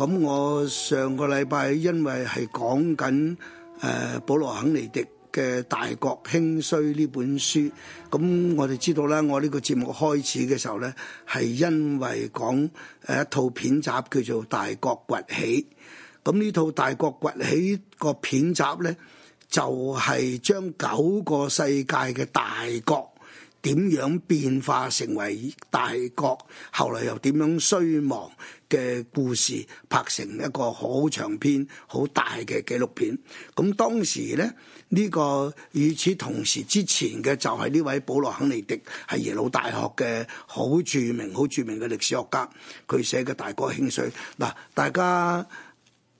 咁我上個禮拜因為係講緊誒保羅肯尼迪嘅《大國興衰》呢本書，咁我哋知道咧，我呢個節目開始嘅時候咧，係因為講誒一套片集叫做《大國崛起》。咁呢套《大國崛起》個片集咧，就係將九個世界嘅大國。點樣變化成為大國，後來又點樣衰亡嘅故事，拍成一個好長篇、好大嘅紀錄片。咁當時呢，呢、呢個與此同時之前嘅就係呢位保羅肯尼迪，係耶魯大學嘅好著名、好著名嘅歷史學家，佢寫嘅《大國興衰》嗱，大家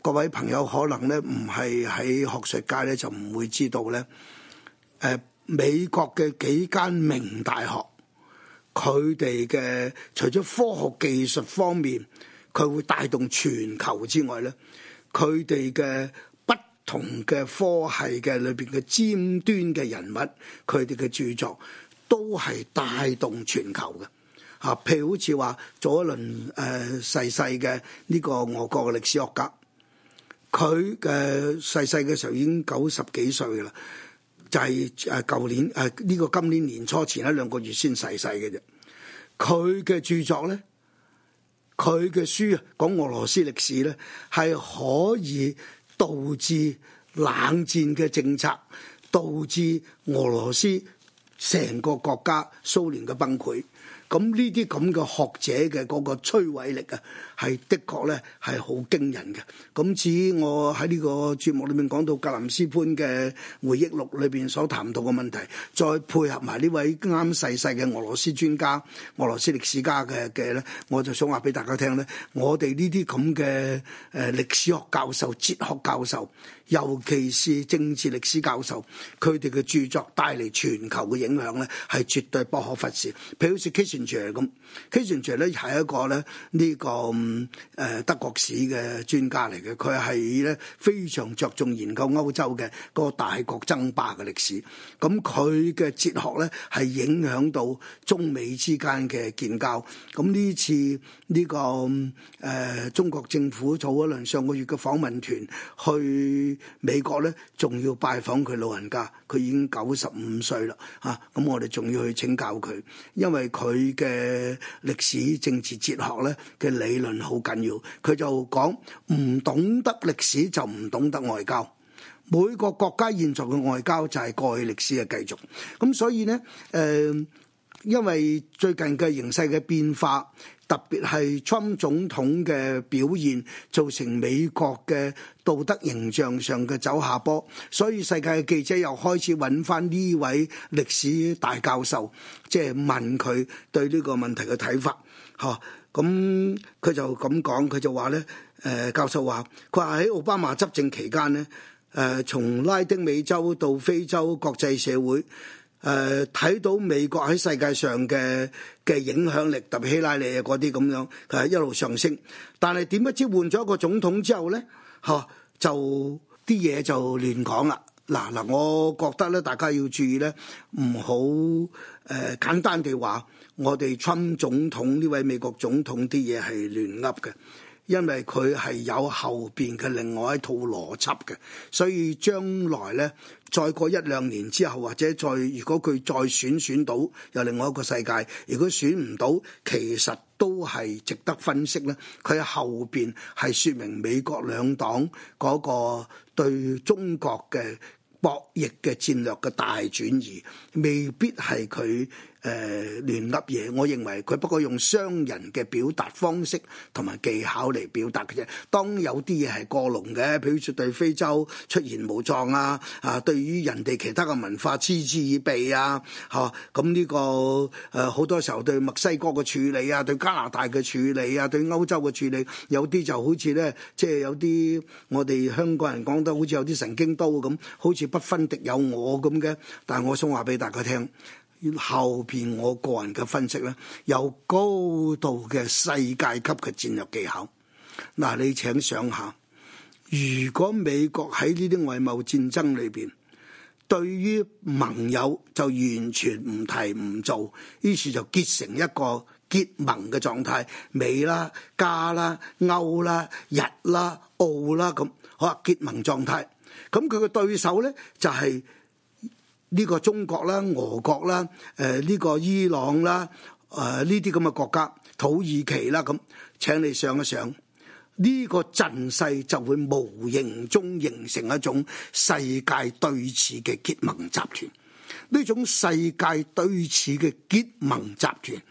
各位朋友可能呢唔係喺學術界呢，就唔會知道呢。誒、呃。美國嘅幾間名大學，佢哋嘅除咗科學技術方面，佢會帶動全球之外咧，佢哋嘅不同嘅科系嘅裏邊嘅尖端嘅人物，佢哋嘅著作都係帶動全球嘅嚇。譬如好似話做一輪誒細細嘅呢個俄國嘅歷史學家，佢嘅細細嘅時候已經九十幾歲啦。就係誒舊年誒呢、啊這個今年年初前一兩個月先逝世嘅啫。佢嘅著作咧，佢嘅書啊，講俄羅斯歷史咧，係可以導致冷戰嘅政策，導致俄羅斯成個國家蘇聯嘅崩潰。咁呢啲咁嘅學者嘅個摧毀力啊，係的確咧係好驚人嘅。咁至於我喺呢個節目裏面講到格林斯潘嘅回憶錄裏邊所談到嘅問題，再配合埋呢位啱細細嘅俄羅斯專家、俄羅斯歷史家嘅嘅咧，我就想話俾大家聽咧，我哋呢啲咁嘅誒歷史學教授、哲學教授，尤其是政治歷史教授，佢哋嘅著作帶嚟全球嘅影響咧，係絕對不可忽視，譬如說 k 咁 K 先生咧係一個咧呢個誒德國史嘅專家嚟嘅，佢係咧非常着重研究歐洲嘅個大國爭霸嘅歷史。咁佢嘅哲學咧係影響到中美之間嘅建交。咁呢次呢，這個誒、呃、中國政府做咗輪上個月嘅訪問團去美國咧，仲要拜訪佢老人家，佢已經九十五歲啦。啊，咁我哋仲要去請教佢，因為佢。嘅歷史政治哲學咧嘅理論好緊要，佢就講，唔懂得歷史就唔懂得外交。每個國家現在嘅外交就係過去歷史嘅繼續。咁所以呢，誒，因為最近嘅形勢嘅變化。特別係 Trump 總統嘅表現，造成美國嘅道德形象上嘅走下坡，所以世界嘅記者又開始揾翻呢位歷史大教授，即係問佢對呢個問題嘅睇法。嚇，咁佢就咁講，佢就話咧，誒、呃、教授話，佢話喺奧巴馬執政期間呢，誒、呃、從拉丁美洲到非洲國際社會。誒、睇、呃、到美國喺世界上嘅嘅影響力，特別希拉里啊嗰啲咁樣，佢係一路上升。但係點不知換咗一個總統之後咧，嚇、啊、就啲嘢就亂講啦。嗱嗱，我覺得咧，大家要注意咧，唔好誒簡單地話我哋 Trump 總統呢位美國總統啲嘢係亂噏嘅。因為佢係有後邊嘅另外一套邏輯嘅，所以將來呢，再過一兩年之後，或者再如果佢再選選到有另外一個世界，如果選唔到，其實都係值得分析呢，佢後邊係説明美國兩黨嗰個對中國嘅博弈嘅戰略嘅大轉移，未必係佢。誒亂噏嘢，我認為佢不過用商人嘅表達方式同埋技巧嚟表達嘅啫。當有啲嘢係過龍嘅，譬如說對非洲出言無狀啊，啊對於人哋其他嘅文化嗤之以鼻啊，嚇咁呢個誒好多時候對墨西哥嘅處理啊，對加拿大嘅處理啊，對歐洲嘅處理，有啲就好似咧，即係有啲我哋香港人講得好似有啲神經刀咁，好似不分敵有我咁嘅。但係我想話俾大家聽。後邊我個人嘅分析咧，有高度嘅世界級嘅戰略技巧。嗱，你請想下，如果美國喺呢啲外貿戰爭裏邊，對於盟友就完全唔提唔做，於是就結成一個結盟嘅狀態，美啦、加啦、歐啦、日啦、澳啦咁，好啊，結盟狀態。咁佢嘅對手咧就係、是。呢個中國啦、俄國啦、誒、呃、呢、這個伊朗啦、誒呢啲咁嘅國家、土耳其啦咁，請你上一上，呢、這個陣勢就會無形中形成一種世界對峙嘅結盟集團。呢種世界對峙嘅結盟集團，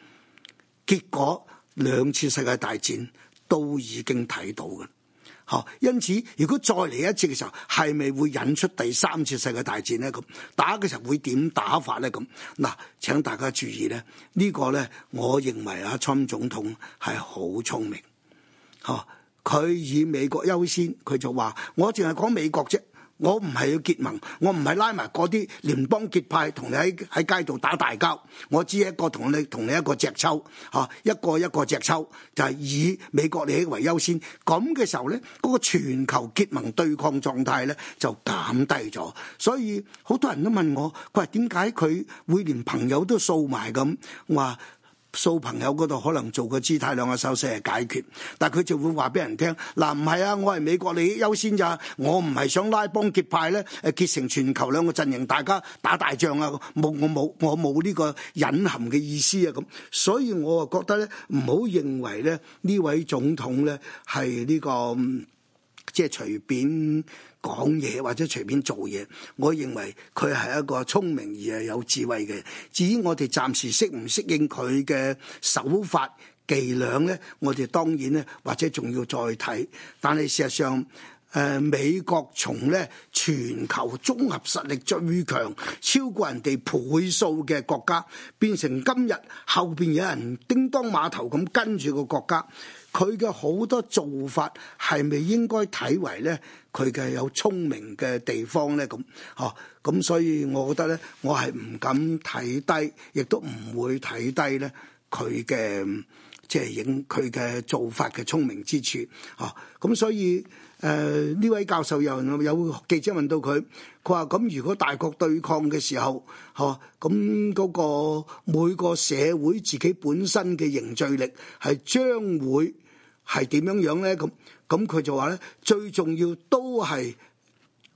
結果兩次世界大戰都已經睇到嘅。哦，因此如果再嚟一次嘅時候，係咪會引出第三次世界大戰咧？咁打嘅時候會點打法咧？咁嗱，請大家注意咧，這個、呢個咧，我認為阿川總統係好聰明，哦，佢以美國優先，佢就話我淨係講美國啫。我唔係要結盟，我唔係拉埋嗰啲聯邦結派同你，喺喺街度打大交。我只係一個同你同你一個隻抽嚇，一個一個隻抽就係、是、以美國利益為優先。咁嘅時候呢，嗰、那個全球結盟對抗狀態呢就減低咗。所以好多人都問我，佢話點解佢會連朋友都掃埋咁話？數朋友嗰度可能做個姿態，兩個手勢係解決，但佢就會話俾人聽嗱，唔係啊，我係美國你優先咋，啊，我唔係想拉幫結派咧，誒結成全球兩個陣營，大家打大仗啊，冇我冇我冇呢個隱含嘅意思啊咁，所以我啊覺得咧唔好認為咧呢位總統咧係呢個。即係隨便講嘢或者隨便做嘢，我認為佢係一個聰明而係有智慧嘅。至於我哋暫時適唔適應佢嘅手法伎倆呢，我哋當然呢，或者仲要再睇。但係事實上，誒、呃，美國從呢全球綜合實力最強，超過人哋倍數嘅國家，變成今日後邊有人叮當馬頭咁跟住嘅國家。佢嘅好多做法，係咪應該睇為咧？佢嘅有聰明嘅地方咧？咁，哦，咁所以我覺得咧，我係唔敢睇低，亦都唔會睇低咧，佢嘅即係影佢嘅做法嘅聰明之處。哦，咁所以。誒呢、呃、位教授又有，有記者問到佢，佢話：咁如果大國對抗嘅時候，嚇咁嗰個每個社會自己本身嘅凝聚力係將會係點樣樣呢？咁咁佢就話咧，最重要都係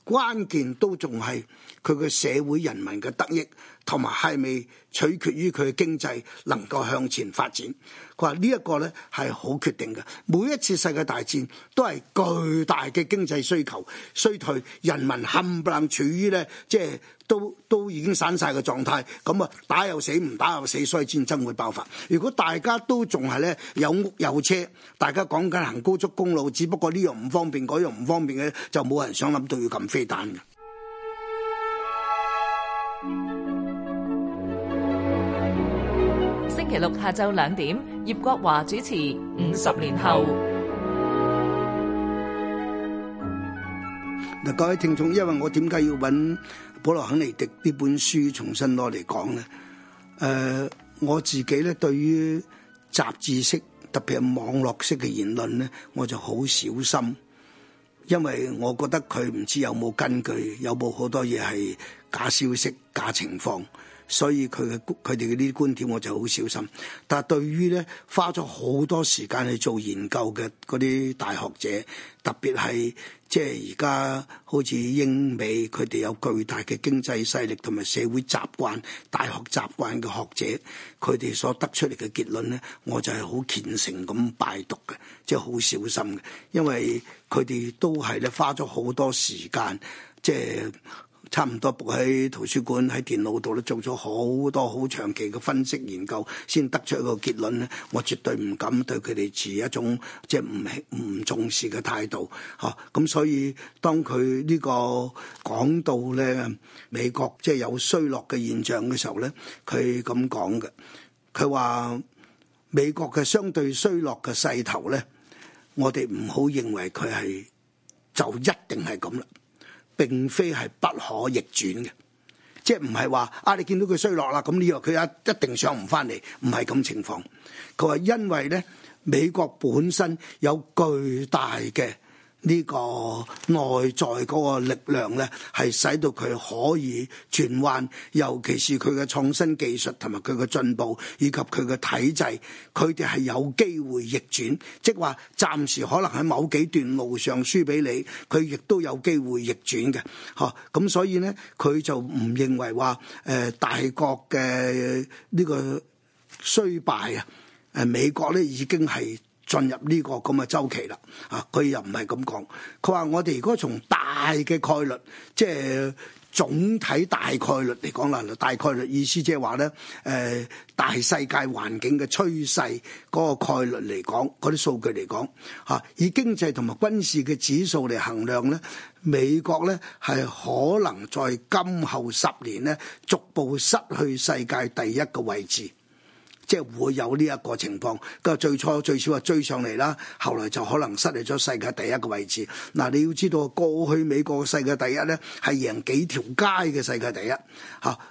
關鍵都仲係佢嘅社會人民嘅得益。同埋係未取決於佢經濟能夠向前發展，佢話呢一個呢係好決定嘅。每一次世界大戰都係巨大嘅經濟需求衰退，人民冚唪唥處於呢，即係都都已經散晒嘅狀態。咁啊打又死唔打又死，所以戰爭會爆發。如果大家都仲係呢，有屋有車，大家講緊行高速公路，只不過呢樣唔方便，嗰樣唔方便嘅就冇人想諗到要撳飛彈嘅。星期六下晝兩點，葉國華主持《五十年後》。嗱，各位聽眾，因為我點解要揾保羅肯尼迪呢本書重新攞嚟講呢？誒、呃，我自己咧對於雜誌式特別係網絡式嘅言論咧，我就好小心，因為我覺得佢唔知有冇根據，有冇好多嘢係假消息、假情況。所以佢嘅佢哋呢啲觀點我就好小心。但係對於咧，花咗好多時間去做研究嘅嗰啲大學者，特別係即係而家好似英美，佢哋有巨大嘅經濟勢力同埋社會習慣大學習慣嘅學者，佢哋所得出嚟嘅結論咧，我就係好虔誠咁拜讀嘅，即係好小心嘅，因為佢哋都係咧花咗好多時間，即係。差唔多，book 喺圖書館喺電腦度咧，做咗好多好長期嘅分析研究，先得出一個結論咧。我絕對唔敢對佢哋持一種即係唔係唔重視嘅態度。嚇，咁所以當佢呢個講到咧美國即係有衰落嘅現象嘅時候咧，佢咁講嘅，佢話美國嘅相對衰落嘅勢頭咧，我哋唔好認為佢係就一定係咁啦。並非係不可逆轉嘅，即係唔係話啊你見到佢衰落啦，咁你話佢一定上唔返嚟？唔係咁情況，佢話因為咧，美國本身有巨大嘅。呢個內在嗰個力量咧，係使到佢可以轉彎，尤其是佢嘅創新技術同埋佢嘅進步，以及佢嘅體制，佢哋係有機會逆轉，即係話暫時可能喺某幾段路上輸俾你，佢亦都有機會逆轉嘅。嚇，咁所以呢，佢就唔認為話誒、呃、大國嘅呢個衰敗啊，誒、呃、美國咧已經係。進入呢個咁嘅週期啦，啊，佢又唔係咁講。佢話我哋如果從大嘅概率，即係總體大概率嚟講啦，大概率意思即係話咧，誒、呃、大世界環境嘅趨勢嗰個概率嚟講，嗰啲數據嚟講，嚇、啊、以經濟同埋軍事嘅指數嚟衡量咧，美國咧係可能在今後十年咧逐步失去世界第一個位置。即係會有呢一個情況，咁最初最少啊追上嚟啦，後來就可能失去咗世界第一個位置。嗱，你要知道過去美國世界第一咧係贏幾條街嘅世界第一吓，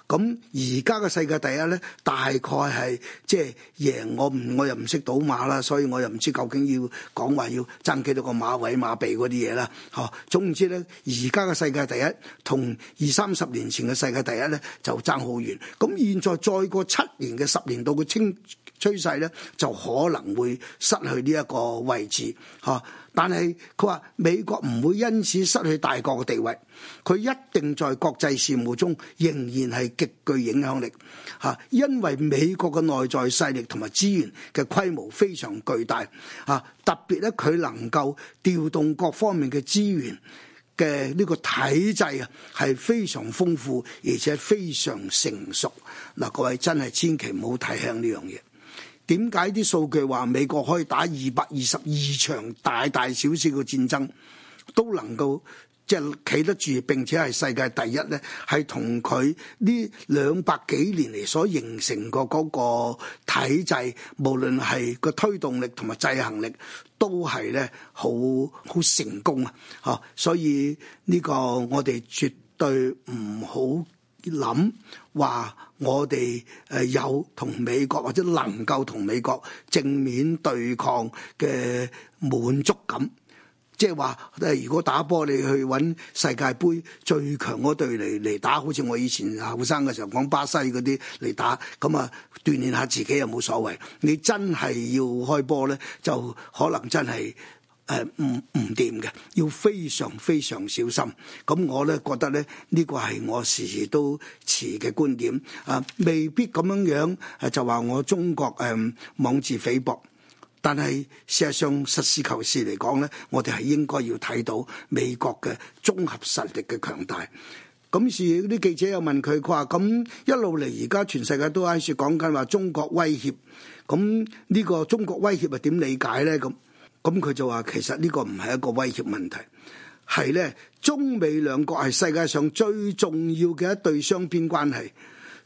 咁而家嘅世界第一咧大概係即係贏我唔我又唔識賭馬啦，所以我又唔知究竟要講話要爭幾多個馬位馬鼻嗰啲嘢啦吓，總之咧，而家嘅世界第一同二三十年前嘅世界第一咧就爭好遠，咁現在再過七年嘅十年到嘅清。趨勢咧就可能會失去呢一個位置吓、啊，但係佢話美國唔會因此失去大國嘅地位，佢一定在國際事務中仍然係極具影響力吓、啊，因為美國嘅內在勢力同埋資源嘅規模非常巨大吓、啊，特別咧佢能夠調動各方面嘅資源。嘅呢個體制啊，係非常豐富而且非常成熟。嗱，各位真係千祈唔好睇向呢樣嘢。點解啲數據話美國可以打二百二十二場大大小小嘅戰爭，都能夠？即係企得住，並且係世界第一咧，係同佢呢兩百幾年嚟所形成個嗰個體制，無論係個推動力同埋制衡力，都係咧好好成功啊！嚇，所以呢個我哋絕對唔好諗話我哋誒有同美國或者能夠同美國正面對抗嘅滿足感。即係話，誒，如果打波你去搵世界杯最強嗰隊嚟嚟打，好似我以前後生嘅時候講巴西嗰啲嚟打，咁啊鍛煉下自己又冇所謂。你真係要開波呢，就可能真係誒唔唔掂嘅，要非常非常小心。咁我呢，覺得呢，呢個係我時時都持嘅觀點啊、呃，未必咁樣樣就話我中國誒妄、呃、自菲薄。但係事實上實事求是嚟講咧，我哋係應該要睇到美國嘅綜合實力嘅強大。咁事，啲記者又問佢佢話，咁一路嚟而家全世界都喺處講緊話中國威脅，咁呢個中國威脅係點理解咧？咁咁佢就話，其實呢個唔係一個威脅問題，係咧，中美兩國係世界上最重要嘅一對雙邊關係。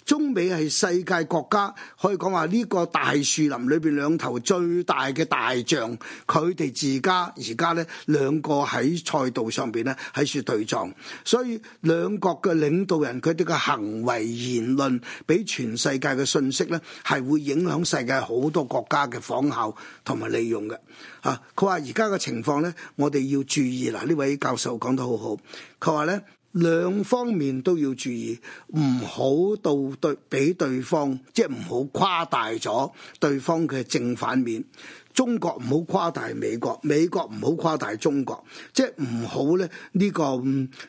中美係世界國家，可以講話呢個大樹林裏邊兩頭最大嘅大象，佢哋自家而家呢兩個喺賽道上邊呢喺處對撞，所以兩國嘅領導人佢哋嘅行為言論，俾全世界嘅信息呢係會影響世界好多國家嘅仿效同埋利用嘅。啊，佢話而家嘅情況呢，我哋要注意啦。呢位教授講得好好，佢話呢。兩方面都要注意，唔好到對俾對方，即係唔好誇大咗對方嘅正反面。中國唔好誇大美國，美國唔好誇大中國，即係唔好咧呢個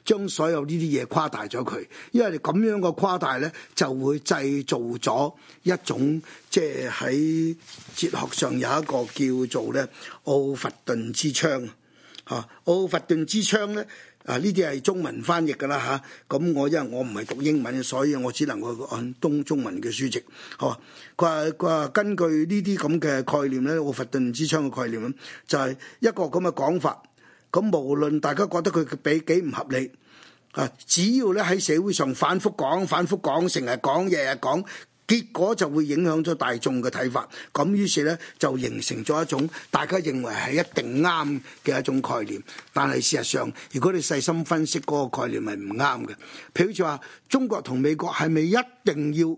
將所有呢啲嘢誇大咗佢，因為咁樣嘅誇大咧就會製造咗一種即係喺哲學上有一個叫做咧奧弗頓之窗啊，奧弗頓之窗咧。啊！呢啲係中文翻譯㗎啦嚇，咁我因為我唔係讀英文，所以我只能去按中中文嘅書籍，好嘛？佢話佢話根據呢啲咁嘅概念咧，奧佛頓之窗嘅概念咁，就係一個咁嘅講法。咁無論大家覺得佢俾幾唔合理，啊，只要咧喺社會上反覆講、反覆講、成日講、日日講。結果就會影響咗大眾嘅睇法，咁於是呢，就形成咗一種大家認為係一定啱嘅一種概念，但係事實上，如果你細心分析嗰個概念，咪唔啱嘅。譬如話，中國同美國係咪一定要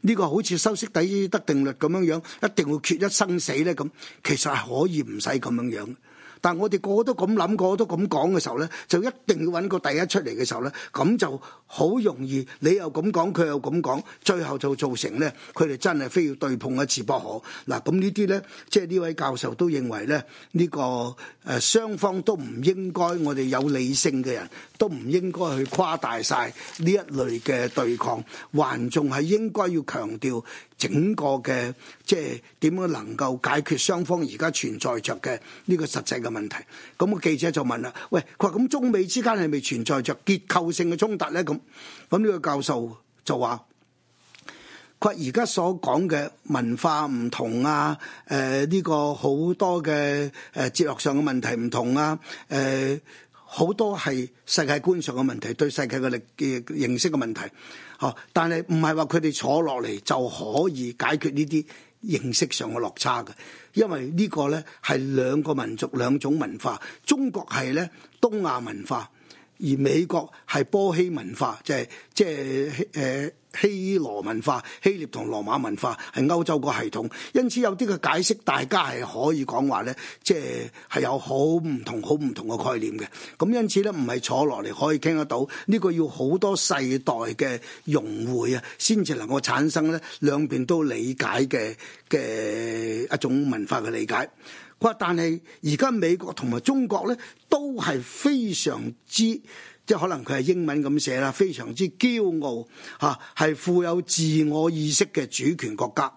呢個好似修昔底德定律咁樣樣，一定會決一生死呢？咁其實係可以唔使咁樣樣。但係我哋個個都咁諗，個個都咁講嘅時候咧，就一定要揾個第一出嚟嘅時候咧，咁就好容易你又咁講，佢又咁講，最後就造成咧，佢哋真係非要對碰一次不可。嗱，咁呢啲咧，即係呢位教授都認為咧，呢個誒雙方都唔應該，我哋有理性嘅人都唔應該去誇大曬呢一類嘅對抗，還仲係應該要強調。整個嘅即係點樣能夠解決雙方而家存在着嘅呢個實際嘅問題？咁個記者就問啦：喂，佢話咁中美之間係咪存在着結構性嘅衝突咧？咁，咁呢個教授就話：佢話而家所講嘅文化唔同啊，誒呢個好多嘅誒哲學上嘅問題唔同啊，誒好多係世界觀上嘅問題，對世界嘅力認識嘅問題。但係唔係話佢哋坐落嚟就可以解決呢啲認識上嘅落差嘅，因為呢個呢係兩個民族，兩種文化，中國係呢東亞文化，而美國係波希文化，就係即係誒。就是呃希羅文化、希臘同羅馬文化係歐洲個系統，因此有啲嘅解釋，大家係可以講話咧，即係係有好唔同、好唔同嘅概念嘅。咁因此咧，唔係坐落嚟可以傾得到，呢個要好多世代嘅融匯啊，先至能夠產生咧兩邊都理解嘅嘅一種文化嘅理解。佢話，但係而家美國同埋中國咧，都係非常之。即可能佢係英文咁寫啦，非常之驕傲，吓係富有自我意識嘅主權國家，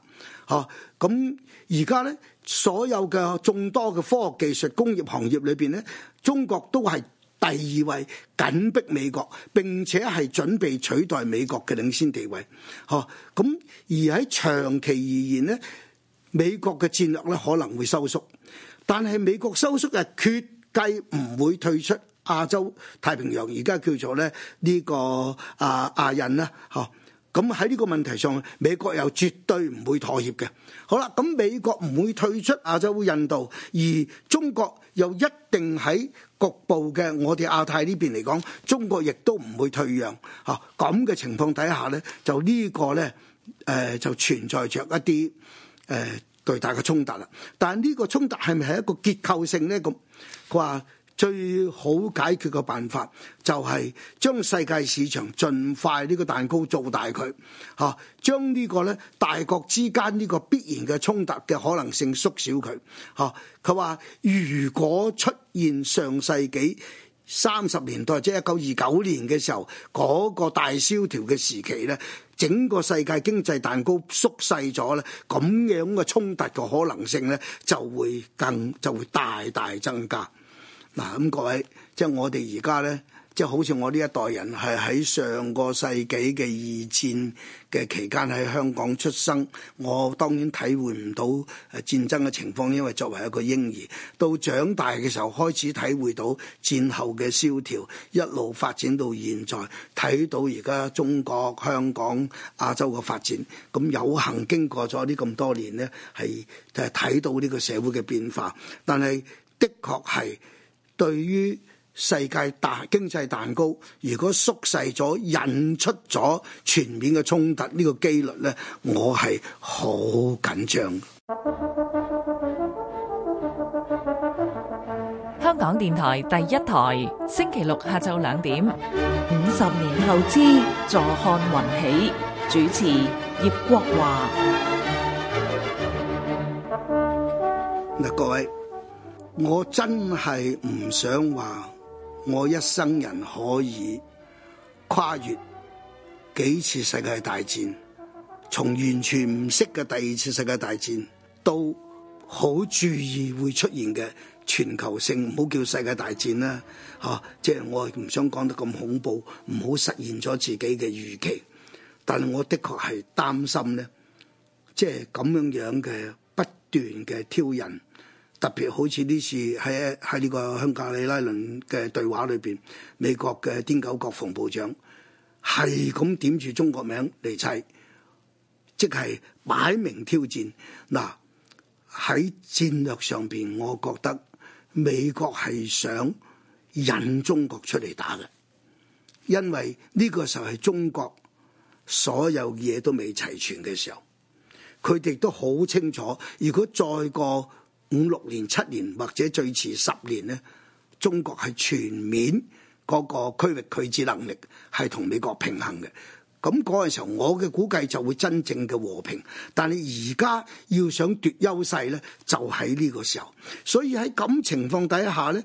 吓咁而家咧，所有嘅眾多嘅科學技術、工業行業裏邊咧，中國都係第二位，緊逼美國，並且係準備取代美國嘅領先地位，吓、啊、咁而喺長期而言咧，美國嘅戰略咧可能會收縮，但係美國收縮嘅決計唔會退出。亞洲太平洋而家叫做咧呢個啊亞印啦，嚇咁喺呢個問題上，美國又絕對唔會妥協嘅。好啦，咁美國唔會退出亞洲烏印度，而中國又一定喺局部嘅我哋亞太呢邊嚟講，中國亦都唔會退讓嚇。咁嘅情況底下咧，就呢個咧誒就存在著一啲誒巨大嘅衝突啦。但係呢個衝突係咪係一個結構性咧？咁佢話。最好解決嘅辦法就係將世界市場盡快呢個蛋糕做大佢。嚇將呢個咧大國之間呢個必然嘅衝突嘅可能性縮小佢。嚇佢話如果出現上世紀三十年代，即係一九二九年嘅時候嗰個大蕭條嘅時期呢，整個世界經濟蛋糕縮細咗呢，咁樣嘅衝突嘅可能性呢就會更就會大大增加。嗱咁各位，即係我哋而家咧，即係好似我呢一代人係喺上個世紀嘅二戰嘅期間，喺香港出生，我當然體會唔到誒戰爭嘅情況，因為作為一個嬰兒到長大嘅時候開始體會到戰後嘅蕭條一路發展到現在，睇到而家中國香港、亞洲嘅發展，咁有幸經過咗呢咁多年咧，係就係睇到呢個社會嘅變化，但係的確，係。對於世界大經濟蛋糕，如果縮細咗，引出咗全面嘅衝突呢個機率呢，我係好緊張。香港電台第一台，星期六下晝兩點，五十年後之，坐看雲起，主持葉國華。嗱，各位。我真係唔想話我一生人可以跨越幾次世界大戰，從完全唔識嘅第二次世界大戰到好注意會出現嘅全球性，唔好叫世界大戰啦，吓，即係我唔想講得咁恐怖，唔好實現咗自己嘅預期。但係我的確係擔心咧，即係咁樣樣嘅不斷嘅挑釁。特別好似呢次喺喺呢個香格里拉論嘅對話裏邊，美國嘅天狗國防部長係咁點住中國名嚟砌，即係擺明挑戰。嗱，喺戰略上邊，我覺得美國係想引中國出嚟打嘅，因為呢個時候係中國所有嘢都未齊全嘅時候，佢哋都好清楚，如果再過，五六年、七年或者最遲十年咧，中國係全面嗰個區域拒止能力係同美國平衡嘅。咁嗰個時候，我嘅估計就會真正嘅和平。但係而家要想奪優勢咧，就喺呢個時候。所以喺咁情況底下咧，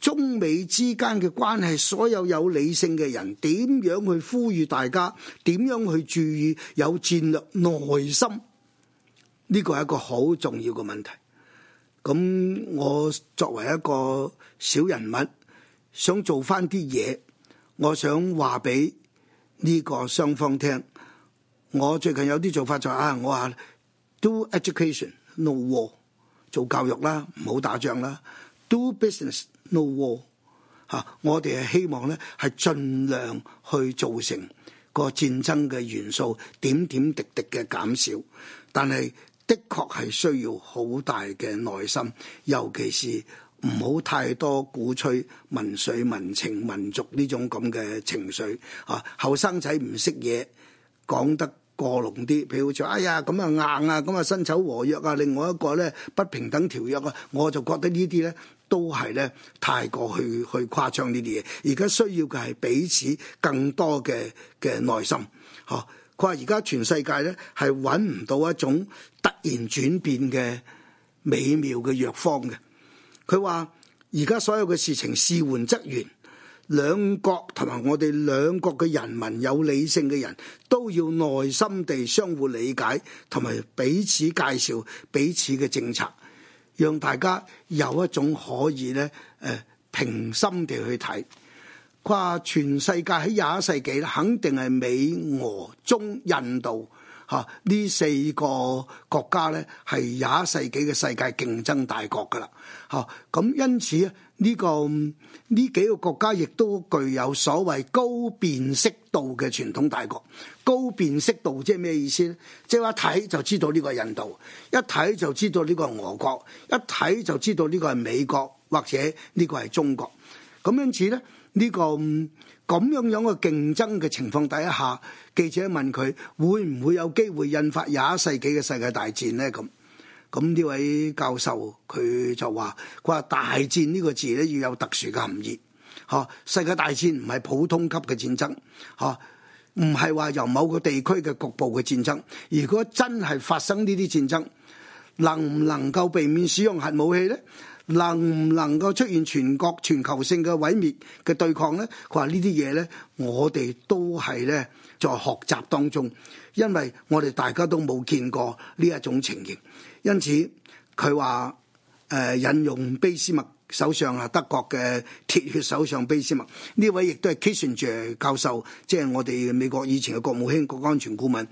中美之間嘅關係，所有有理性嘅人點樣去呼籲大家，點樣去注意有戰略耐心，呢個係一個好重要嘅問題。咁我作為一個小人物，想做翻啲嘢，我想話俾呢個雙方聽。我最近有啲做法就係，啊，我話 Do education no war，做教育啦，唔好打仗啦。Do business no war，啊，我哋係希望咧係盡量去造成個戰爭嘅元素點點滴滴嘅減少，但係，的確係需要好大嘅耐心，尤其是唔好太多鼓吹民粹、民情、民族呢種咁嘅情緒。啊，後生仔唔識嘢，講得過濃啲。譬如好似，哎呀咁啊硬啊，咁啊辛丑和約啊，另外一個咧不平等條約啊，我就覺得呢啲咧都係咧太過去去誇張呢啲嘢。而家需要嘅係彼此更多嘅嘅耐心，吓、啊。佢話：而家全世界咧係揾唔到一種突然轉變嘅美妙嘅藥方嘅。佢話：而家所有嘅事情事緩則圓，兩國同埋我哋兩國嘅人民有理性嘅人都要耐心地相互理解，同埋彼此介紹彼此嘅政策，讓大家有一種可以咧誒平心地去睇。話全世界喺廿一世紀肯定係美俄中印度吓，呢四個國家呢係廿一世紀嘅世界競爭大國噶啦吓。咁因此呢、呢個呢幾個國家亦都具有所謂高辨識度嘅傳統大國。高辨識度即係咩意思咧？即係話一睇就知道呢個係印度，一睇就知道呢個係俄國，一睇就知道呢個係美國或者呢個係中國。咁因此呢。呢個咁樣樣嘅競爭嘅情況底下，記者問佢會唔會有機會引發廿一世紀嘅世界大戰呢？咁咁呢位教授佢就話：佢話大戰呢個字咧要有特殊嘅含義，嚇、啊、世界大戰唔係普通級嘅戰爭，嚇唔係話由某個地區嘅局部嘅戰爭。如果真係發生呢啲戰爭，能唔能夠避免使用核武器呢？」能唔能夠出現全國全球性嘅毀滅嘅對抗咧？佢話呢啲嘢咧，我哋都係咧在學習當中，因為我哋大家都冇見過呢一種情形，因此佢話誒引用卑斯麥首相啊，德國嘅鐵血首相卑斯麥呢位亦都係 Kissinger 教授，即係我哋美國以前嘅國務卿、國安全顧問，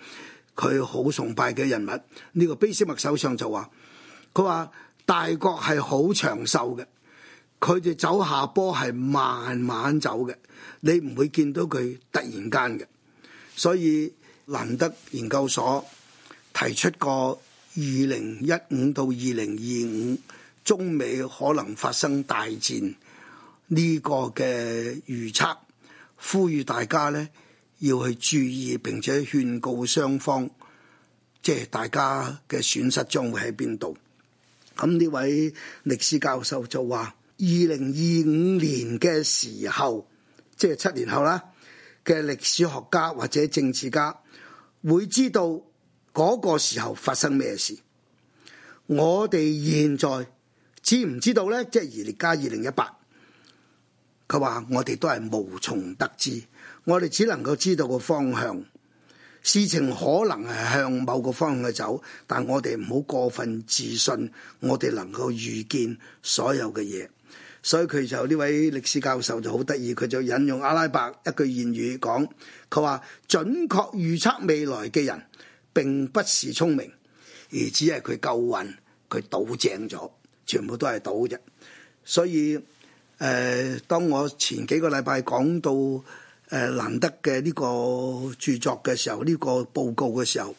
佢好崇拜嘅人物。呢個卑斯麥首相就話，佢話。大國係好長壽嘅，佢哋走下坡係慢慢走嘅，你唔會見到佢突然間嘅。所以蘭德研究所提出過二零一五到二零二五中美可能發生大戰呢個嘅預測，呼籲大家咧要去注意，並且勸告雙方，即係大家嘅損失將會喺邊度。咁呢位歷史教授就話，二零二五年嘅時候，即係七年後啦嘅歷史學家或者政治家，會知道嗰個時候發生咩事。我哋現在知唔知道咧？即係而家二零一八，佢話我哋都係無從得知，我哋只能夠知道個方向。事情可能係向某個方向去走，但我哋唔好過分自信，我哋能夠預見所有嘅嘢。所以佢就呢位歷史教授就好得意，佢就引用阿拉伯一句諺語講：佢話準確預測未來嘅人，並不是聰明，而只係佢夠運，佢賭正咗，全部都係賭啫。所以，誒、呃，當我前幾個禮拜講到。誒，難得嘅呢個著作嘅時候，呢個報告嘅時候，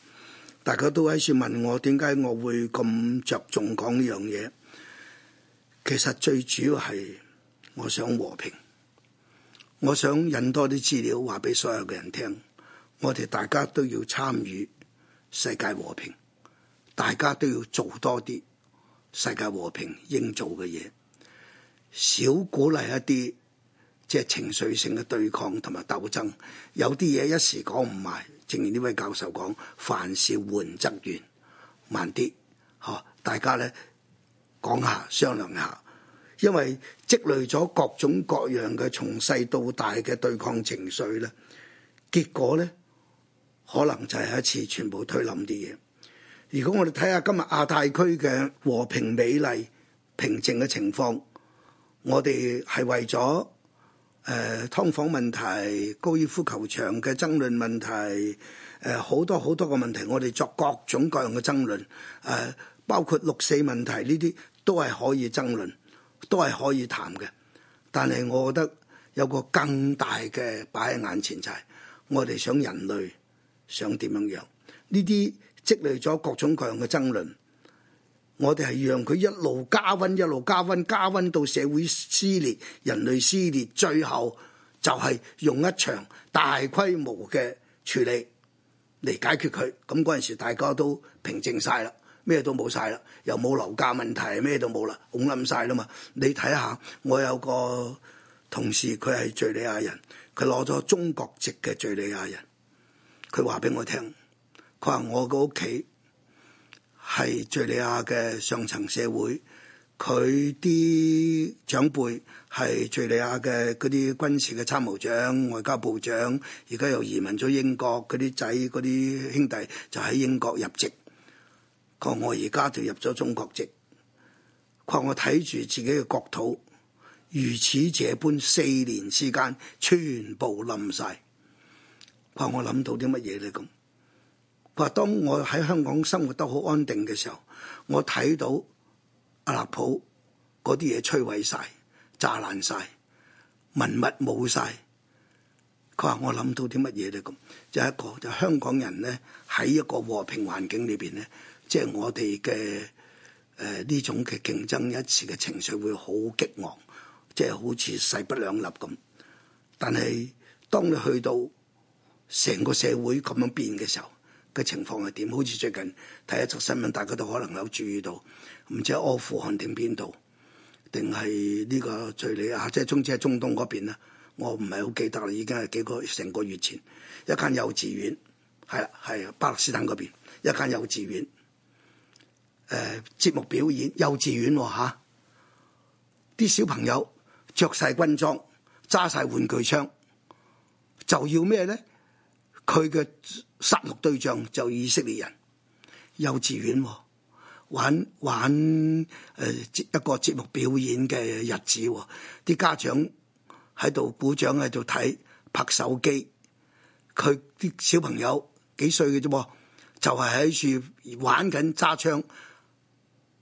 大家都喺處問我點解我會咁着重講呢樣嘢。其實最主要係我想和平，我想引多啲資料話俾所有嘅人聽，我哋大家都要參與世界和平，大家都要做多啲世界和平應做嘅嘢，少鼓勵一啲。即係情緒性嘅對抗同埋鬥爭，有啲嘢一時講唔埋。正如呢位教授講，凡事緩則圓，慢啲吓，大家咧講下商量下，因為積累咗各種各樣嘅從細到大嘅對抗情緒咧，結果咧可能就係一次全部推冧啲嘢。如果我哋睇下今日亞太區嘅和平、美麗、平靜嘅情況，我哋係為咗。誒，劏房問題、高爾夫球場嘅爭論問題，誒、呃，好多好多個問題，我哋作各種各樣嘅爭論，誒、呃，包括六四問題呢啲都係可以爭論，都係可以談嘅。但係我覺得有個更大嘅擺喺眼前就係我哋想人類想點樣樣呢啲積累咗各種各樣嘅爭論。我哋係讓佢一路加温，一路加温，加温到社會撕裂，人類撕裂，最後就係用一場大規模嘅處理嚟解決佢。咁嗰陣時，大家都平靜晒啦，咩都冇晒啦，又冇樓價問題，咩都冇啦，冇冧晒啦嘛。你睇下，我有個同事，佢係敘利亞人，佢攞咗中國籍嘅敘利亞人，佢話俾我聽，佢話我個屋企。係敘利亞嘅上層社會，佢啲長輩係敘利亞嘅嗰啲軍事嘅參謀長、外交部長，而家又移民咗英國，嗰啲仔、嗰啲兄弟就喺英國入籍。佢話我而家就入咗中國籍，佢話我睇住自己嘅國土如此這般四年之間全部冧晒，佢話我諗到啲乜嘢咧咁？佢話當我喺香港生活得好安定嘅時候，我睇到阿勒頗啲嘢，摧毀晒，炸爛晒，文物冇晒。佢話我諗到啲乜嘢咧？咁就係一個就香港人咧，喺一個和平環境裏邊咧，即係我哋嘅誒呢種嘅競爭一次嘅情緒會好激昂，即係好似勢不兩立咁。但係當你去到成個社會咁樣變嘅時候，嘅情況係點？好似最近睇一則新聞，大家都可能有注意到，唔知阿富汗定邊度，定係呢個敘利亞，即係中止喺中東嗰邊，我唔係好記得啦，已經係幾個成個月前，一間幼稚園係啊係巴勒斯坦嗰邊一間幼稚園，誒、呃、節目表演幼稚園嚇、啊，啲、啊、小朋友着晒軍裝，揸晒玩具槍，就要咩咧？佢嘅殺戮對象就以色列人，幼稚園玩玩誒、呃、一個節目表演嘅日子，啲、哦、家長喺度鼓掌喺度睇拍手機，佢啲小朋友幾歲嘅啫噃，就係喺處玩緊揸槍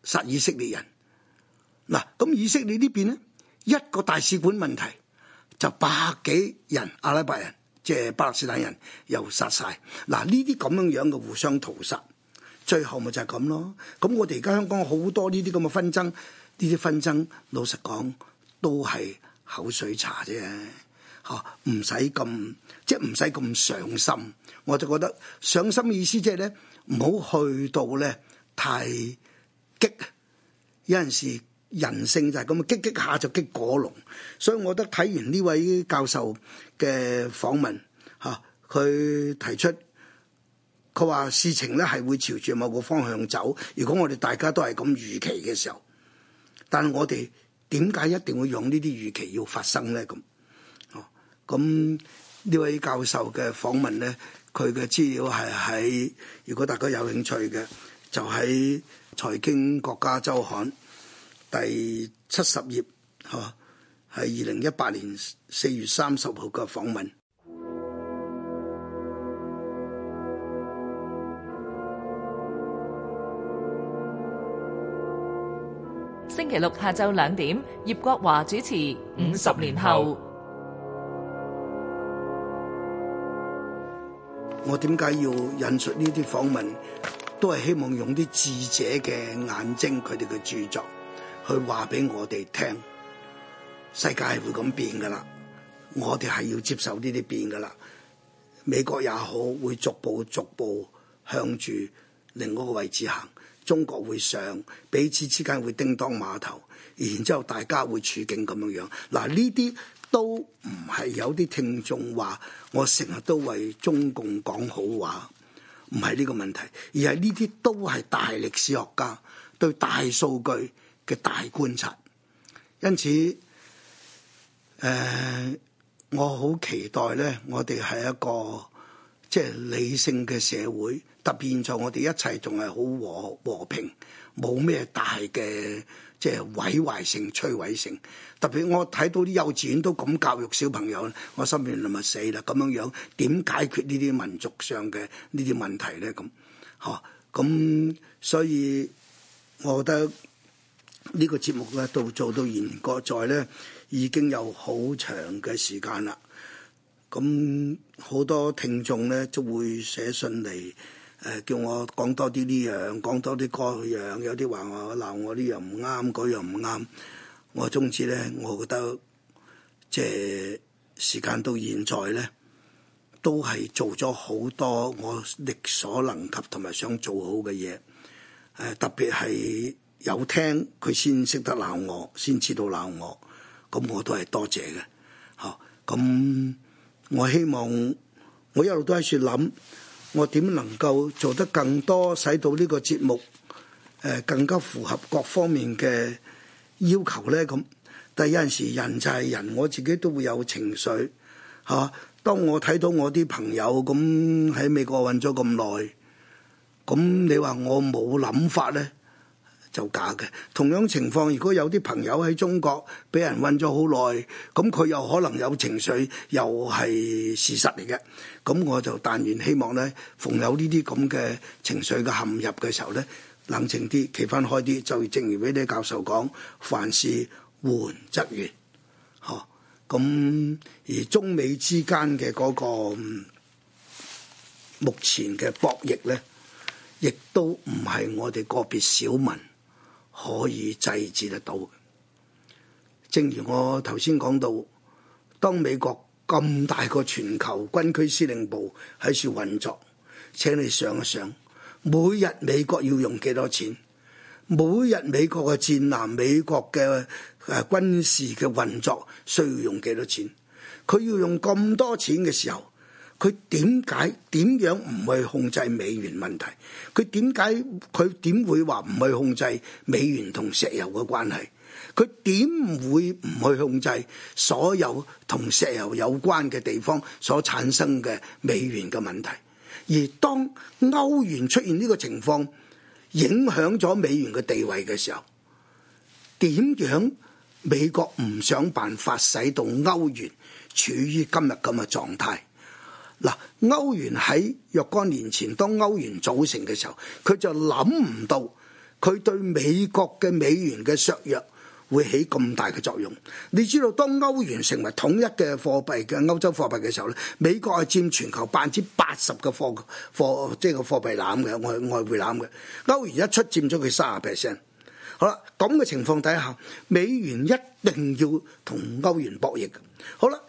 殺以色列人。嗱咁以色列呢邊咧一個大使館問題就百幾人阿拉伯人。即係巴勒斯坦人又殺晒，嗱，呢啲咁樣樣嘅互相屠殺，最後咪就係咁咯。咁我哋而家香港好多呢啲咁嘅紛爭，呢啲紛爭，老實講都係口水茶啫，嚇唔使咁即係唔使咁上心。我就覺得上心嘅意思即係咧，唔好去到咧太激。有陣時。人性就係咁，激激下就激果龍，所以我覺得睇完呢位教授嘅訪問，吓，佢提出，佢話事情咧係會朝住某個方向走。如果我哋大家都係咁預期嘅時候，但係我哋點解一定會用呢啲預期要發生咧？咁哦，咁呢位教授嘅訪問咧，佢嘅資料係喺，如果大家有興趣嘅，就喺財經國家周刊。第七十頁，嗬，係二零一八年四月三十號嘅訪問。星期六下晝兩點，葉國華主持《五十年後》五十年後。我點解要引述呢啲訪問，都係希望用啲智者嘅眼睛，佢哋嘅著作。佢話俾我哋聽，世界係會咁變噶啦，我哋係要接受呢啲變噶啦。美國也好，會逐步逐步向住另外個位置行，中國會上，彼此之間會叮噹馬頭，然之後大家會處境咁樣樣。嗱，呢啲都唔係有啲聽眾話我成日都為中共講好話，唔係呢個問題，而係呢啲都係大歷史學家對大數據嘅大觀察，因此，誒、呃，我好期待呢。我哋係一個即係理性嘅社會，特別現在我哋一切仲係好和和平，冇咩大嘅即係毀壞性、摧毀性。特別我睇到啲幼稚園都咁教育小朋友，我心入面諗咪死啦！咁樣樣點解決呢啲民族上嘅呢啲問題呢？咁，嗬，咁所以，我覺得。呢個節目咧，到做到現國在咧，已經有好長嘅時間啦。咁好多聽眾咧，都會寫信嚟，誒、呃、叫我講多啲呢樣，講多啲嗰樣。有啲話我鬧我呢樣唔啱，嗰樣唔啱。我總之咧，我覺得即係時間到現在咧，都係做咗好多我力所能及同埋想做好嘅嘢。誒、呃、特別係。有聽佢先識得鬧我，先知道鬧我，咁我都係多謝嘅。吓，咁我希望我一路都喺處諗，我點能夠做得更多，使到呢個節目誒更加符合各方面嘅要求咧？咁，但係有陣時人就係人，我自己都會有情緒吓、啊。當我睇到我啲朋友咁喺美國混咗咁耐，咁你話我冇諗法咧？就假嘅。同樣情況，如果有啲朋友喺中國俾人韞咗好耐，咁佢又可能有情緒，又係事實嚟嘅。咁我就但願希望呢，逢有呢啲咁嘅情緒嘅陷入嘅時候呢，冷靜啲，企翻開啲。就正如畀你教授講，凡事緩則圓。嚇、哦，咁而中美之間嘅嗰個目前嘅博弈呢，亦都唔係我哋個別小民。可以制止得到。正如我頭先講到，當美國咁大個全球軍區司令部喺處運作，請你想一想，每日美國要用幾多錢？每日美國嘅戰艦，美國嘅誒軍事嘅運作，需要用幾多，多錢？佢要用咁多錢嘅時候？佢點解點樣唔去控制美元問題，佢點解佢點會話唔去控制美元同石油嘅關係，佢點會唔去控制所有同石油有關嘅地方所產生嘅美元嘅問題，而當歐元出現呢個情況影響咗美元嘅地位嘅時候，點樣美國唔想辦法使到歐元處於今日咁嘅狀態。嗱，歐元喺若干年前當歐元組成嘅時候，佢就諗唔到佢對美國嘅美元嘅削弱會起咁大嘅作用。你知道當歐元成為統一嘅貨幣嘅歐洲貨幣嘅時候咧，美國係佔全球百分之八十嘅貨貨即係個貨幣攬嘅外外匯攬嘅。歐元一出佔咗佢三十 percent。好啦，咁嘅情況底下，美元一定要同歐元博弈。好啦。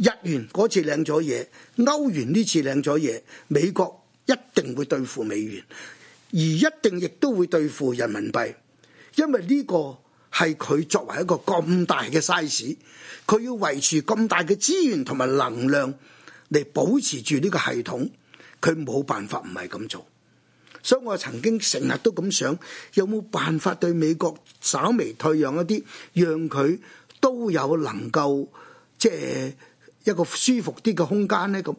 日元嗰次領咗嘢，歐元呢次領咗嘢，美國一定會對付美元，而一定亦都會對付人民幣，因為呢個係佢作為一個咁大嘅 size，佢要維持咁大嘅資源同埋能量嚟保持住呢個系統，佢冇辦法唔係咁做。所以我曾經成日都咁想，有冇辦法對美國稍微退讓一啲，讓佢都有能夠，即係。一個舒服啲嘅空間呢。咁，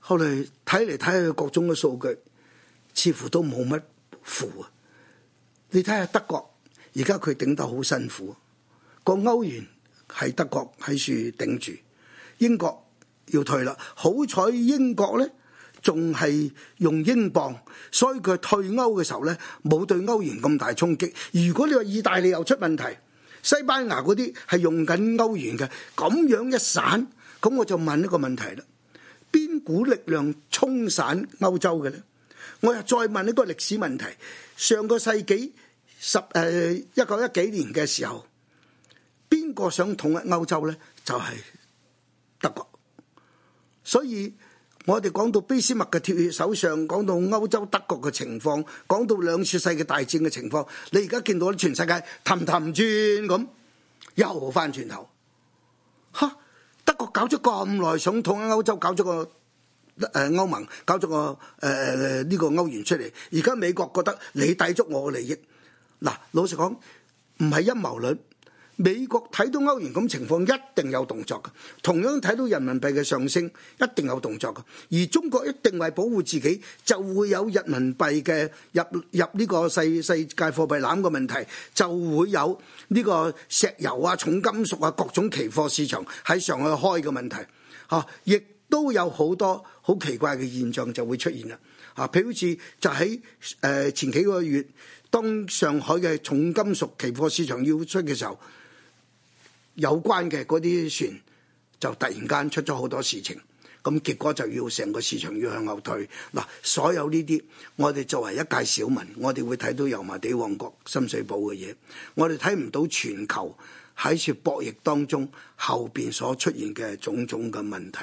後嚟睇嚟睇去，各種嘅數據，似乎都冇乜負啊！你睇下德國，而家佢頂得好辛苦，個歐元係德國喺處頂住，英國要退啦，好彩英國呢，仲係用英鎊，所以佢退歐嘅時候呢，冇對歐元咁大衝擊。如果你話意大利又出問題。西班牙嗰啲係用緊歐元嘅，咁樣一散，咁我就問呢個問題啦：邊股力量沖散歐洲嘅咧？我又再問呢個歷史問題：上個世紀十誒一九一幾年嘅時候，邊個想統一歐洲咧？就係德國。所以，我哋講到卑斯麥嘅鐵血首相，講到歐洲德國嘅情況，講到兩次世界大戰嘅情況，你而家見到全世界氹氹轉咁，又翻轉頭，嚇德國搞咗咁耐，想統一歐洲搞，搞咗個誒歐盟，搞咗個誒誒呢個歐元出嚟，而家美國覺得你抵觸我嘅利益，嗱，老實講，唔係陰謀論。美國睇到歐元咁情況，一定有動作嘅；同樣睇到人民幣嘅上升，一定有動作嘅。而中國一定為保護自己，就會有人民幣嘅入入呢個世世界貨幣籃嘅問題，就會有呢個石油啊、重金屬啊，各種期貨市場喺上海開嘅問題，嚇、啊，亦都有好多好奇怪嘅現象就會出現啦。嚇、啊，譬如好似就喺誒、呃、前幾個月，當上海嘅重金屬期貨市場要出嘅時候。有關嘅嗰啲船就突然間出咗好多事情，咁結果就要成個市場要向後退。嗱，所有呢啲我哋作為一介小民，我哋會睇到油麻地、旺角、深水埗嘅嘢，我哋睇唔到全球喺説博弈當中後邊所出現嘅種種嘅問題。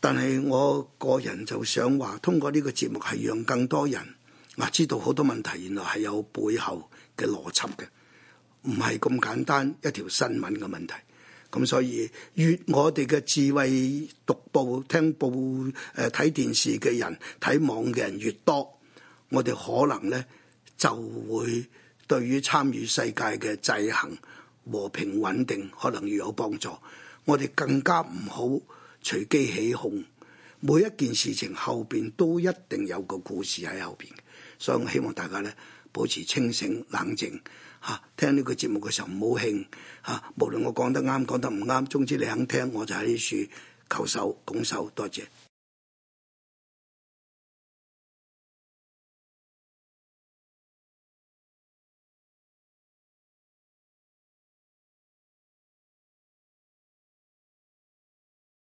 但係我個人就想話，通過呢個節目係讓更多人啊知道好多問題原來係有背後嘅邏輯嘅。唔係咁簡單一條新聞嘅問題，咁所以越我哋嘅智慧讀報、聽報、誒、呃、睇電視嘅人、睇網嘅人越多，我哋可能呢就會對於參與世界嘅制衡、和平穩定，可能越有幫助。我哋更加唔好隨機起哄，每一件事情後邊都一定有個故事喺後邊，所以我希望大家呢保持清醒、冷靜。啊、聽呢個節目嘅時候唔好興嚇！無論我講得啱講得唔啱，總之你肯聽，我就喺呢處叩首拱手，多謝。